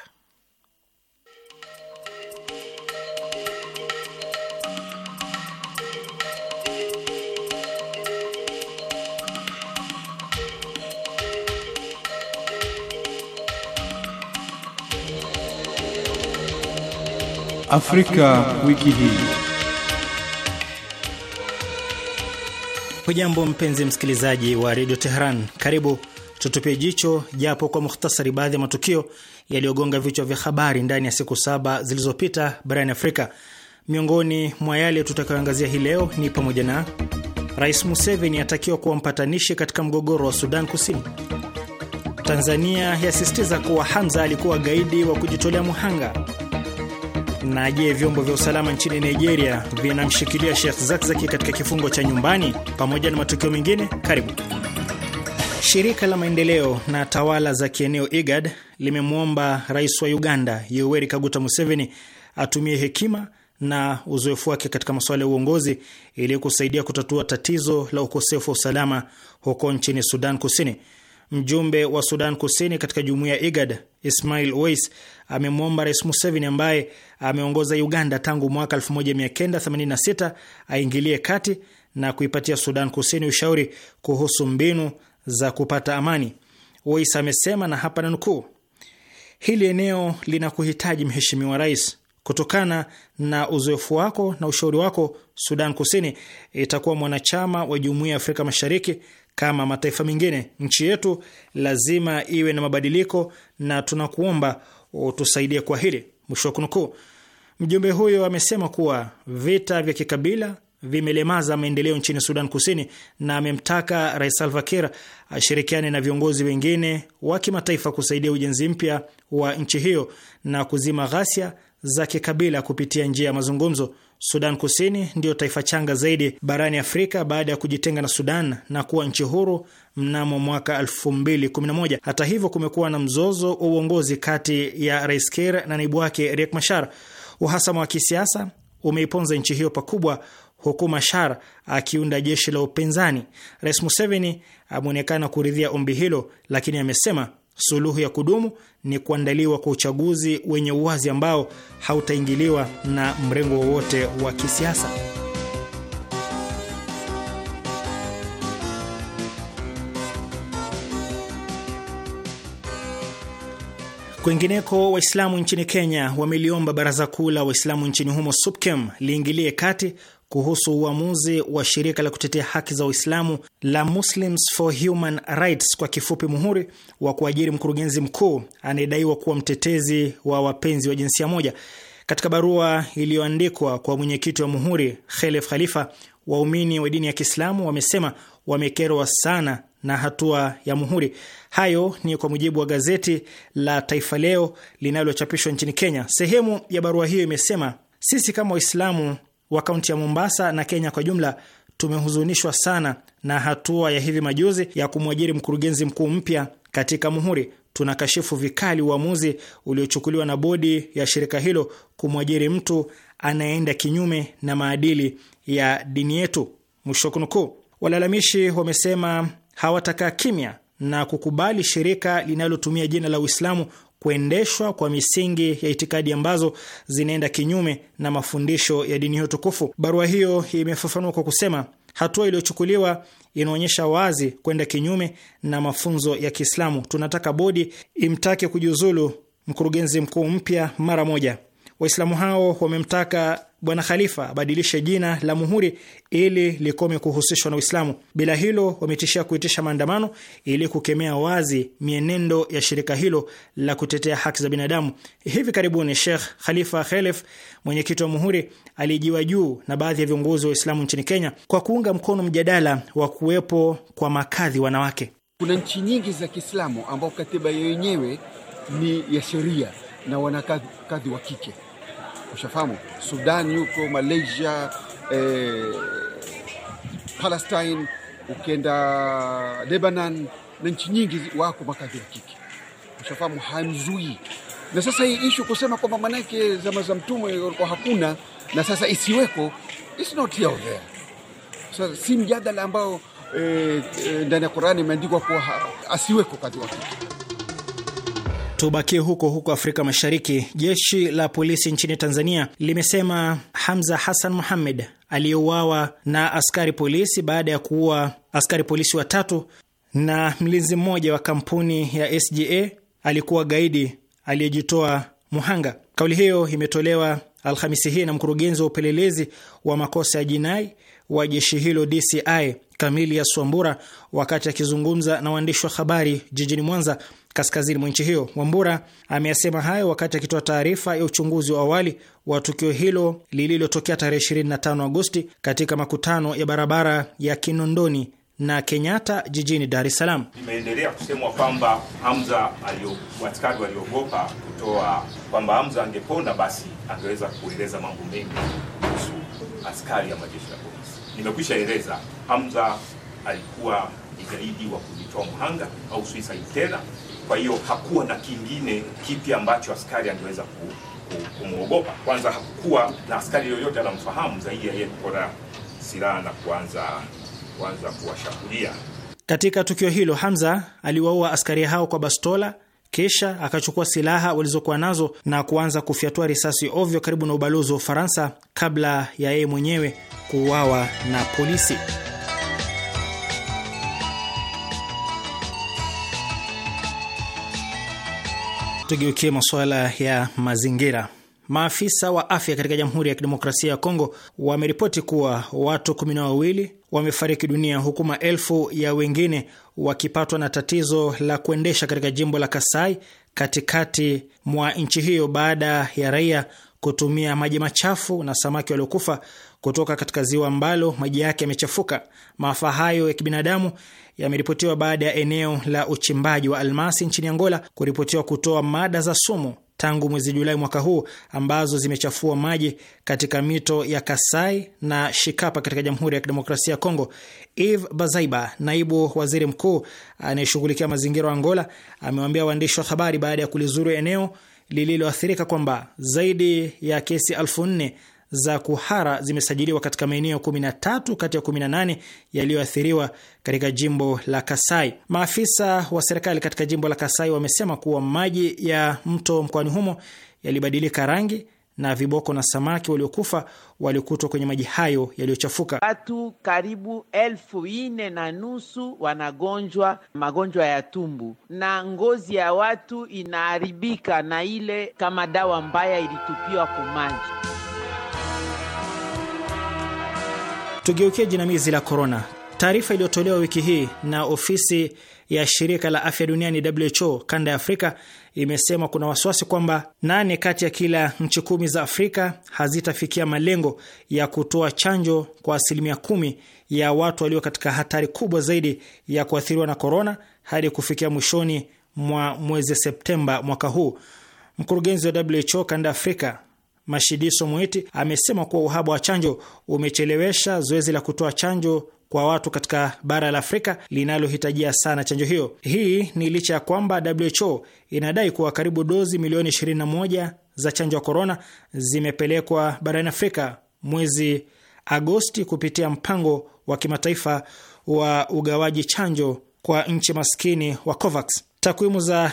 Afrika wiki hii. Hujambo mpenzi msikilizaji wa redio Teheran, karibu tutupie jicho japo kwa muhtasari baadhi ya matukio yaliyogonga vichwa vya habari ndani ya siku saba zilizopita barani Afrika. Miongoni mwa yale tutakayoangazia hii leo ni pamoja na Rais Museveni atakiwa kuwa mpatanishi katika mgogoro wa Sudan Kusini, Tanzania yasisitiza kuwa Hamza alikuwa gaidi wa kujitolea muhanga na je, vyombo vya usalama nchini Nigeria vinamshikilia Sheikh Zakzaki katika kifungo cha nyumbani? Pamoja na matukio mengine, karibu. Shirika la maendeleo na tawala za kieneo IGAD limemwomba rais wa Uganda Yoweri Kaguta Museveni atumie hekima na uzoefu wake katika masuala ya uongozi ili kusaidia kutatua tatizo la ukosefu wa usalama huko nchini Sudan Kusini. Mjumbe wa Sudan Kusini katika jumuiya ya IGAD Ismail Weis amemwomba Rais Museveni ambaye ameongoza Uganda tangu mwaka 1986 aingilie kati na kuipatia Sudan Kusini ushauri kuhusu mbinu za kupata amani. Weis amesema na hapa nanukuu, hili eneo linakuhitaji Mheshimiwa Rais Kutokana na uzoefu wako na ushauri wako, Sudan Kusini itakuwa mwanachama wa Jumuiya ya Afrika Mashariki kama mataifa mengine. Nchi yetu lazima iwe na mabadiliko na tunakuomba utusaidie kwa hili, mwisho wa kunukuu. Mjumbe huyo amesema kuwa vita vya kikabila vimelemaza maendeleo nchini Sudan Kusini na amemtaka Rais Salva Kiir ashirikiane na viongozi wengine wa kimataifa kusaidia ujenzi mpya wa nchi hiyo na kuzima ghasia za kikabila kupitia njia ya mazungumzo. Sudan Kusini ndiyo taifa changa zaidi barani Afrika baada ya kujitenga na Sudan na kuwa nchi huru mnamo mwaka 2011. Hata hivyo, kumekuwa na mzozo wa uongozi kati ya Rais Kiir na naibu wake Riek Machar. Uhasama wa kisiasa umeiponza nchi hiyo pakubwa, huku Machar akiunda jeshi la upinzani. Rais Museveni ameonekana kuridhia ombi hilo, lakini amesema Suluhu ya kudumu ni kuandaliwa kwa uchaguzi wenye uwazi ambao hautaingiliwa na mrengo wowote wa kisiasa. Kwingineko, Waislamu nchini Kenya wameliomba Baraza Kuu la Waislamu nchini humo SUPKEM liingilie kati kuhusu uamuzi wa shirika la kutetea haki za Waislamu la Muslims for Human Rights kwa kifupi MUHURI wa kuajiri mkurugenzi mkuu anayedaiwa kuwa mtetezi wa wapenzi wa jinsia moja. Katika barua iliyoandikwa kwa mwenyekiti wa MUHURI Khelef Khalifa, waumini wa dini ya Kiislamu wamesema wamekerwa sana na hatua ya MUHURI. Hayo ni kwa mujibu wa gazeti la Taifa Leo linalochapishwa nchini Kenya. Sehemu ya barua hiyo imesema, sisi kama Waislamu wa kaunti ya Mombasa na Kenya kwa jumla tumehuzunishwa sana na hatua ya hivi majuzi ya kumwajiri mkurugenzi mkuu mpya katika Muhuri. Tunakashifu vikali uamuzi uliochukuliwa na bodi ya shirika hilo kumwajiri mtu anayeenda kinyume na maadili ya dini yetu, mwisho kunukuu. Walalamishi wamesema hawatakaa kimya na kukubali shirika linalotumia jina la Uislamu kuendeshwa kwa misingi ya itikadi ambazo zinaenda kinyume na mafundisho ya dini hiyo tukufu. Barua hiyo imefafanua kwa kusema, hatua iliyochukuliwa inaonyesha wazi kwenda kinyume na mafunzo ya Kiislamu. Tunataka bodi imtake kujiuzulu mkurugenzi mkuu mpya mara moja. Waislamu hao wamemtaka Bwana Khalifa abadilishe jina la Muhuri ili likome kuhusishwa na Uislamu. Bila hilo, wametishia kuitisha maandamano ili kukemea wazi mienendo ya shirika hilo la kutetea haki za binadamu. Hivi karibuni, Sheikh Khalifa Khelef, mwenyekiti wa Muhuri, alijiwa juu na baadhi ya viongozi wa Uislamu nchini Kenya kwa kuunga mkono mjadala wa kuwepo kwa makadhi wanawake. Kuna nchi nyingi za Kiislamu ambao katiba yenyewe ni ya sheria na wanakadhi wa kike Ushafahamu, Sudan yuko, Malaysia, eh, Palestine, ukienda Lebanon na nchi nyingi wako makadhi ya kike. Ushafahamu, hamzui na sasa hii ishu kusema kwamba manake zama za mtume walikuwa hakuna na sasa isiweko, it's not here or there. So, si mjadala ambao ndani eh, eh, ya Qur'ani imeandikwa kuwa asiweko kadhi ya kike. Tubakie huko huko Afrika Mashariki. Jeshi la polisi nchini Tanzania limesema Hamza Hassan Muhammed aliyeuawa na askari polisi baada ya kuua askari polisi watatu na mlinzi mmoja wa kampuni ya SGA alikuwa gaidi aliyejitoa muhanga. Kauli hiyo imetolewa Alhamisi hii na mkurugenzi wa upelelezi wa makosa ya jinai wa jeshi hilo DCI ya Swambura wakati akizungumza na waandishi wa habari jijini Mwanza, kaskazini mwa nchi hiyo. Wambura ameyasema hayo wakati akitoa taarifa ya uchunguzi wa awali wa tukio hilo lililotokea tarehe 25 Agosti katika makutano ya barabara ya Kinondoni na Kenyatta jijini Dar es Salaam. Imeendelea kusemwa kwamba Hamza askari waliogopa kutoa kwamba Hamza angeponda basi angeweza kueleza mambo mengi kuhusu askari ya majeshi ya Nimekwisha eleza Hamza alikuwa ni gaidi wa kujitoa mhanga au suicide tena. Kwa hiyo hakuwa na kingine kipi ambacho askari angeweza kumwogopa. Kwanza hakukuwa na askari yoyote anamfahamu zaidi ya yeye kupora silaha na kuanza kuanza kuwashambulia. Katika tukio hilo, Hamza aliwaua askari hao kwa bastola kisha akachukua silaha walizokuwa nazo na kuanza kufyatua risasi ovyo karibu na ubalozi wa Ufaransa kabla ya yeye mwenyewe kuuawa na polisi. Tugeukie masuala ya mazingira. Maafisa wa afya katika Jamhuri ya Kidemokrasia ya Kongo wameripoti kuwa watu kumi na wawili wamefariki dunia huku maelfu ya wengine wakipatwa na tatizo la kuendesha katika jimbo la Kasai katikati mwa nchi hiyo baada ya raia kutumia maji machafu na samaki waliokufa kutoka katika ziwa ambalo maji yake yamechafuka. Maafa hayo ya kibinadamu yameripotiwa baada ya eneo la uchimbaji wa almasi nchini Angola kuripotiwa kutoa mada za sumu tangu mwezi Julai mwaka huu ambazo zimechafua maji katika mito ya Kasai na Shikapa katika Jamhuri ya Kidemokrasia ya Kongo. Eve Bazaiba, naibu waziri mkuu anayeshughulikia mazingira wa Angola, amewaambia waandishi wa habari baada ya kulizuru eneo lililoathirika kwamba zaidi ya kesi elfu nne za kuhara zimesajiliwa katika maeneo 13 kati ya 18 yaliyoathiriwa katika jimbo la Kasai. Maafisa wa serikali katika jimbo la Kasai wamesema kuwa maji ya mto mkoani humo yalibadilika rangi na viboko na samaki waliokufa walikutwa kwenye maji hayo yaliyochafuka. Watu karibu elfu ine na nusu wanagonjwa magonjwa ya tumbu na ngozi ya watu inaharibika na ile kama dawa mbaya ilitupiwa kwa maji. Tugeukie jinamizi la korona. Taarifa iliyotolewa wiki hii na ofisi ya shirika la afya duniani WHO kanda ya Afrika imesema kuna wasiwasi kwamba nane kati ya kila nchi kumi za Afrika hazitafikia malengo ya kutoa chanjo kwa asilimia kumi ya watu walio katika hatari kubwa zaidi ya kuathiriwa na korona hadi kufikia mwishoni mwa mwezi Septemba mwaka huu. Mkurugenzi wa WHO kanda Afrika Mashidiso Mwiti amesema kuwa uhaba wa chanjo umechelewesha zoezi la kutoa chanjo kwa watu katika bara la Afrika linalohitajia sana chanjo hiyo. Hii ni licha ya kwamba WHO inadai kuwa karibu dozi milioni 21 za chanjo ya korona zimepelekwa barani Afrika mwezi Agosti kupitia mpango wa kimataifa wa ugawaji chanjo kwa nchi maskini wa COVAX. Takwimu za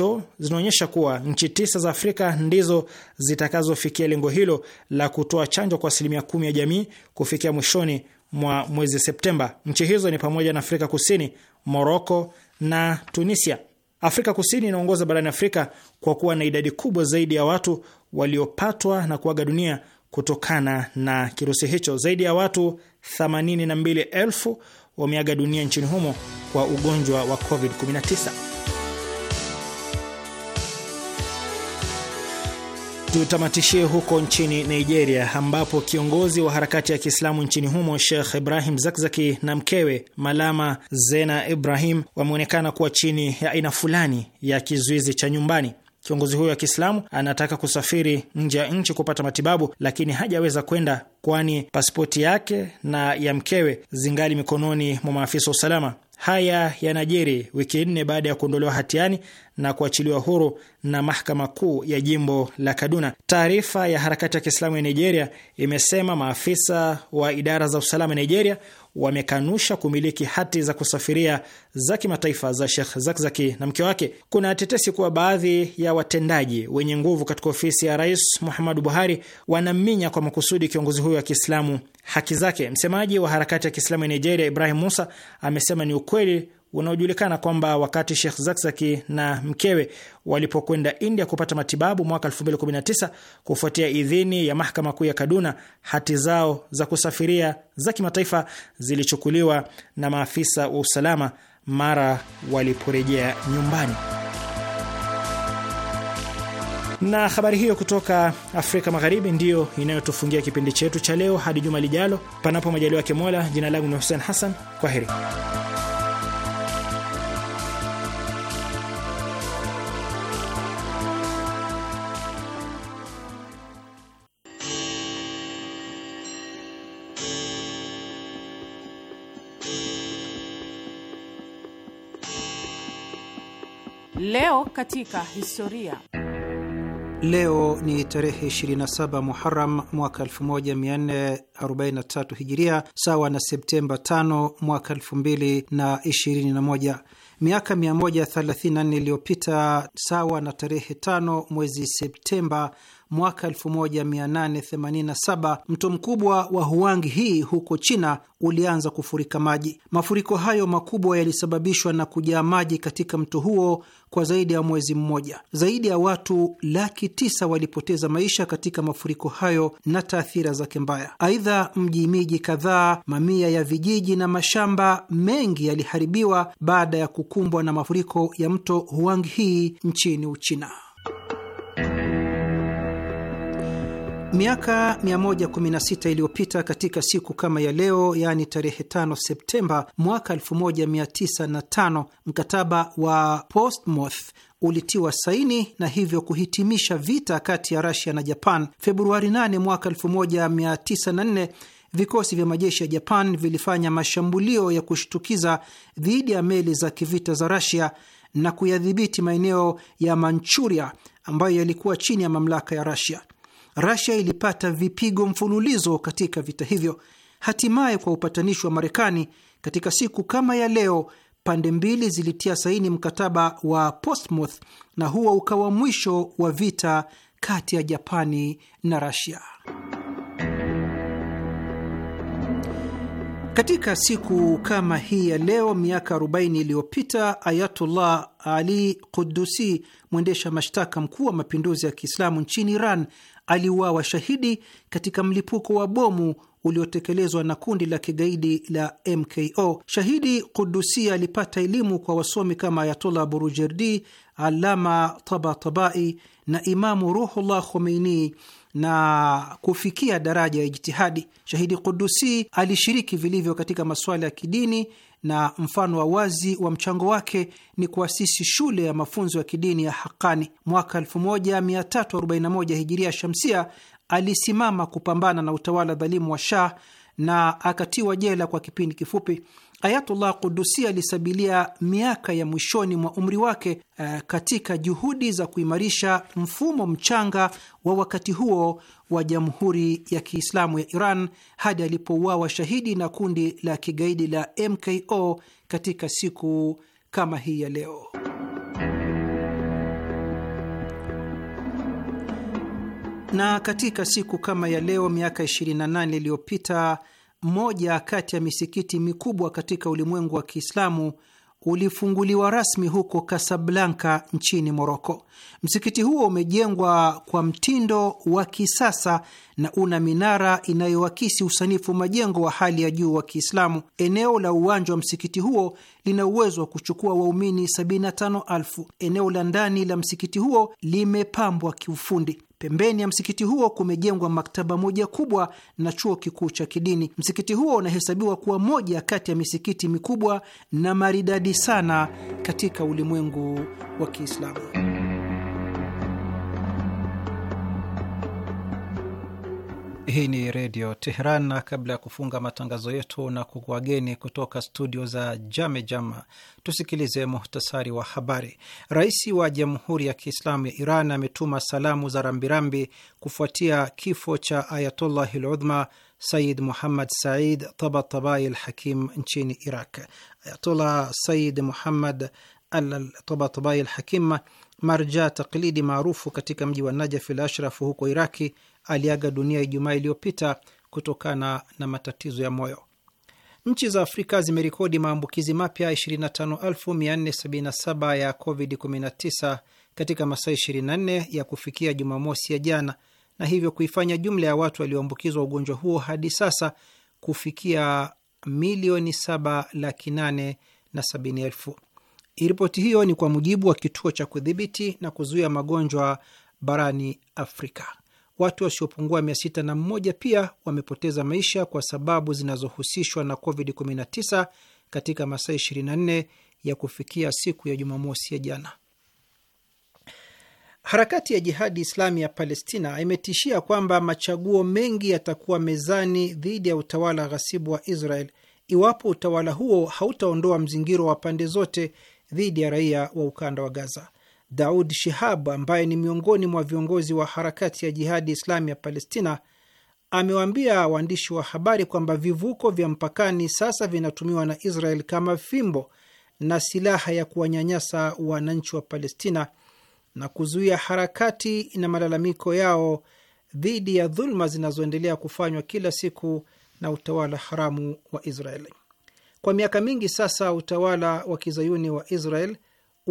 WHO zinaonyesha kuwa nchi tisa za Afrika ndizo zitakazofikia lengo hilo la kutoa chanjo kwa asilimia kumi ya jamii kufikia mwishoni mwa mwezi Septemba. Nchi hizo ni pamoja na Afrika Kusini, Moroko na Tunisia. Afrika Kusini inaongoza barani Afrika kwa kuwa na idadi kubwa zaidi ya watu waliopatwa na kuaga dunia kutokana na kirusi hicho. Zaidi ya watu 82,000 wameaga dunia nchini humo kwa ugonjwa wa COVID-19. Tutamatishie huko nchini Nigeria ambapo kiongozi wa harakati ya Kiislamu nchini humo Sheikh Ibrahim Zakzaki na mkewe Malama Zena Ibrahim wameonekana kuwa chini ya aina fulani ya kizuizi cha nyumbani. Kiongozi huyo wa Kiislamu anataka kusafiri nje ya nchi kupata matibabu, lakini hajaweza kwenda, kwani pasipoti yake na ya mkewe zingali mikononi mwa maafisa wa usalama. Haya yanajiri wiki nne baada ya kuondolewa hatiani na kuachiliwa huru na mahakama kuu ya jimbo la Kaduna. Taarifa ya harakati ya Kiislamu ya Nigeria imesema maafisa wa idara za usalama Nigeria wamekanusha kumiliki hati za kusafiria za kimataifa za Sheikh Zakzaki na mke wake. Kuna tetesi kuwa baadhi ya watendaji wenye nguvu katika ofisi ya Rais Muhammadu Buhari wanaminya kwa makusudi kiongozi huyo wa Kiislamu haki zake. Msemaji wa harakati ya Kiislamu ya Nigeria, Ibrahim Musa, amesema ni ukweli unaojulikana kwamba wakati Sheikh Zakzaki na mkewe walipokwenda India kupata matibabu mwaka 2019 kufuatia idhini ya mahakama kuu ya Kaduna, hati zao za kusafiria za kimataifa zilichukuliwa na maafisa wa usalama mara waliporejea nyumbani. Na habari hiyo kutoka Afrika Magharibi ndiyo inayotufungia kipindi chetu cha leo. Hadi juma lijalo, panapo majaliwa yake Mola. Jina langu ni Hussein Hassan, kwa heri. Leo katika historia. Leo ni tarehe 27 Muharam mwaka 1443 Hijiria, sawa na Septemba 5 mwaka 2021. Miaka 134 iliyopita, sawa na tarehe 5 mwezi Septemba mwaka 1887 mto mkubwa wa Huang He huko China ulianza kufurika maji. Mafuriko hayo makubwa yalisababishwa na kujaa maji katika mto huo kwa zaidi ya mwezi mmoja. Zaidi ya watu laki tisa walipoteza maisha katika mafuriko hayo na taathira zake mbaya. Aidha, mji miji kadhaa, mamia ya vijiji na mashamba mengi yaliharibiwa baada ya kukumbwa na mafuriko ya mto Huang He nchini Uchina. Miaka 116 iliyopita katika siku kama ya leo, yaani tarehe 5 Septemba mwaka 1905 mkataba wa Portsmouth ulitiwa saini na hivyo kuhitimisha vita kati ya Rasia na Japan. Februari 8 mwaka 1904 vikosi vya majeshi ya Japan vilifanya mashambulio ya kushtukiza dhidi ya meli za kivita za Rasia na kuyadhibiti maeneo ya Manchuria ambayo yalikuwa chini ya mamlaka ya Rasia. Rasia ilipata vipigo mfululizo katika vita hivyo. Hatimaye, kwa upatanishi wa Marekani, katika siku kama ya leo, pande mbili zilitia saini mkataba wa Portsmouth na huo ukawa mwisho wa vita kati ya Japani na Rasia. Katika siku kama hii ya leo miaka 40 iliyopita Ayatullah Ali Kudusi, mwendesha mashtaka mkuu wa mapinduzi ya Kiislamu nchini Iran, aliuawa shahidi katika mlipuko wa bomu uliotekelezwa na kundi la kigaidi la MKO. Shahidi Kudusia alipata elimu kwa wasomi kama Ayatollah Burujerdi, Alama Tabatabai na Imamu Ruhullah Khomeini na kufikia daraja ya ijtihadi. Shahidi Kudusi alishiriki vilivyo katika masuala ya kidini na mfano wa wazi wa mchango wake ni kuasisi shule ya mafunzo ya kidini ya Hakani mwaka 1341 hijiria shamsia. Alisimama kupambana na utawala dhalimu wa Shah na akatiwa jela kwa kipindi kifupi. Ayatullah Kudusi alisabilia miaka ya mwishoni mwa umri wake uh, katika juhudi za kuimarisha mfumo mchanga wa wakati huo wa Jamhuri ya Kiislamu ya Iran hadi alipouawa shahidi na kundi la kigaidi la MKO katika siku kama hii ya leo. Na katika siku kama ya leo miaka 28 iliyopita moja kati ya misikiti mikubwa katika ulimwengu wa Kiislamu ulifunguliwa rasmi huko Kasablanka nchini Moroko. Msikiti huo umejengwa kwa mtindo wa kisasa na una minara inayoakisi usanifu majengo wa hali ya juu wa Kiislamu. Eneo la uwanja wa msikiti huo lina uwezo wa kuchukua waumini 75 Eneo la ndani la msikiti huo limepambwa kiufundi. Pembeni ya msikiti huo kumejengwa maktaba moja kubwa na chuo kikuu cha kidini. Msikiti huo unahesabiwa kuwa moja kati ya misikiti mikubwa na maridadi sana katika ulimwengu wa Kiislamu. Hii ni Redio Teheran, na kabla ya kufunga matangazo yetu na kukuageni kutoka studio za Jamejama, tusikilize muhtasari wa habari. Rais wa Jamhuri ya Kiislamu ya Iran ametuma salamu za rambirambi kufuatia kifo cha Ayatullah Ludhma Sayid Muhammad Said Tabatabai lhakim Hakim nchini Iraq. Ayatullah Sayid Muhammad Tabatabai al Hakim, marja taklidi maarufu katika mji wa Najaf lashrafu Ashraf huko Iraki aliaga dunia Ijumaa iliyopita kutokana na matatizo ya moyo. Nchi za Afrika zimerekodi maambukizi mapya 25477 ya COVID-19 katika masaa 24 ya kufikia Jumamosi ya jana, na hivyo kuifanya jumla ya watu walioambukizwa ugonjwa huo hadi sasa kufikia milioni 7 laki 8 na 70 elfu. Ripoti hiyo ni kwa mujibu wa kituo cha kudhibiti na kuzuia magonjwa barani Afrika. Watu wasiopungua mmoja pia wamepoteza maisha kwa sababu zinazohusishwa na COVID-19 katika masaa 24 ya kufikia siku ya Jumamosi ya jana. Harakati ya Jihadi Islami ya Palestina imetishia kwamba machaguo mengi yatakuwa mezani dhidi ya utawala ghasibu wa Israel iwapo utawala huo hautaondoa mzingiro wa pande zote dhidi ya raia wa ukanda wa Gaza. Daud Shihab ambaye ni miongoni mwa viongozi wa harakati ya Jihadi Islami ya Palestina amewaambia waandishi wa habari kwamba vivuko vya mpakani sasa vinatumiwa na Israel kama fimbo na silaha ya kuwanyanyasa wananchi wa Palestina na kuzuia harakati na malalamiko yao dhidi ya dhuluma zinazoendelea kufanywa kila siku na utawala haramu wa israel Kwa miaka mingi sasa, utawala wa kizayuni wa Israel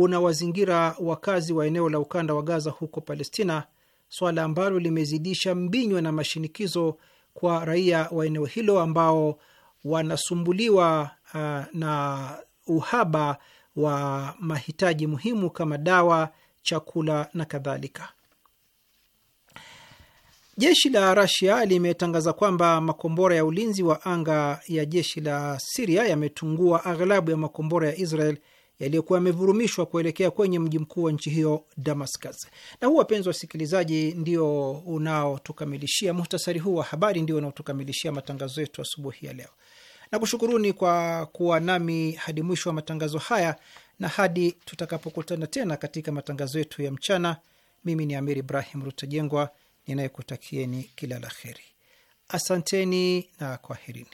unawazingira wakazi wa eneo la ukanda wa Gaza huko Palestina, swala ambalo limezidisha mbinywa na mashinikizo kwa raia wa eneo hilo ambao wanasumbuliwa uh, na uhaba wa mahitaji muhimu kama dawa, chakula na kadhalika. Jeshi la Rasia limetangaza kwamba makombora ya ulinzi wa anga ya jeshi la Siria yametungua aghalabu ya makombora ya Israel yaliyokuwa yamevurumishwa kuelekea kwenye mji mkuu wa nchi hiyo Damascus. Na huu, wapenzi wa wasikilizaji, ndio unaotukamilishia muhtasari huu wa habari, ndio unaotukamilishia matangazo yetu asubuhi ya leo. Nakushukuruni kwa kuwa nami hadi mwisho wa matangazo haya, na hadi tutakapokutana tena katika matangazo yetu ya mchana, mimi ni Amir Ibrahim Rutajengwa ninayekutakieni kila la heri. Asanteni na kwaherini.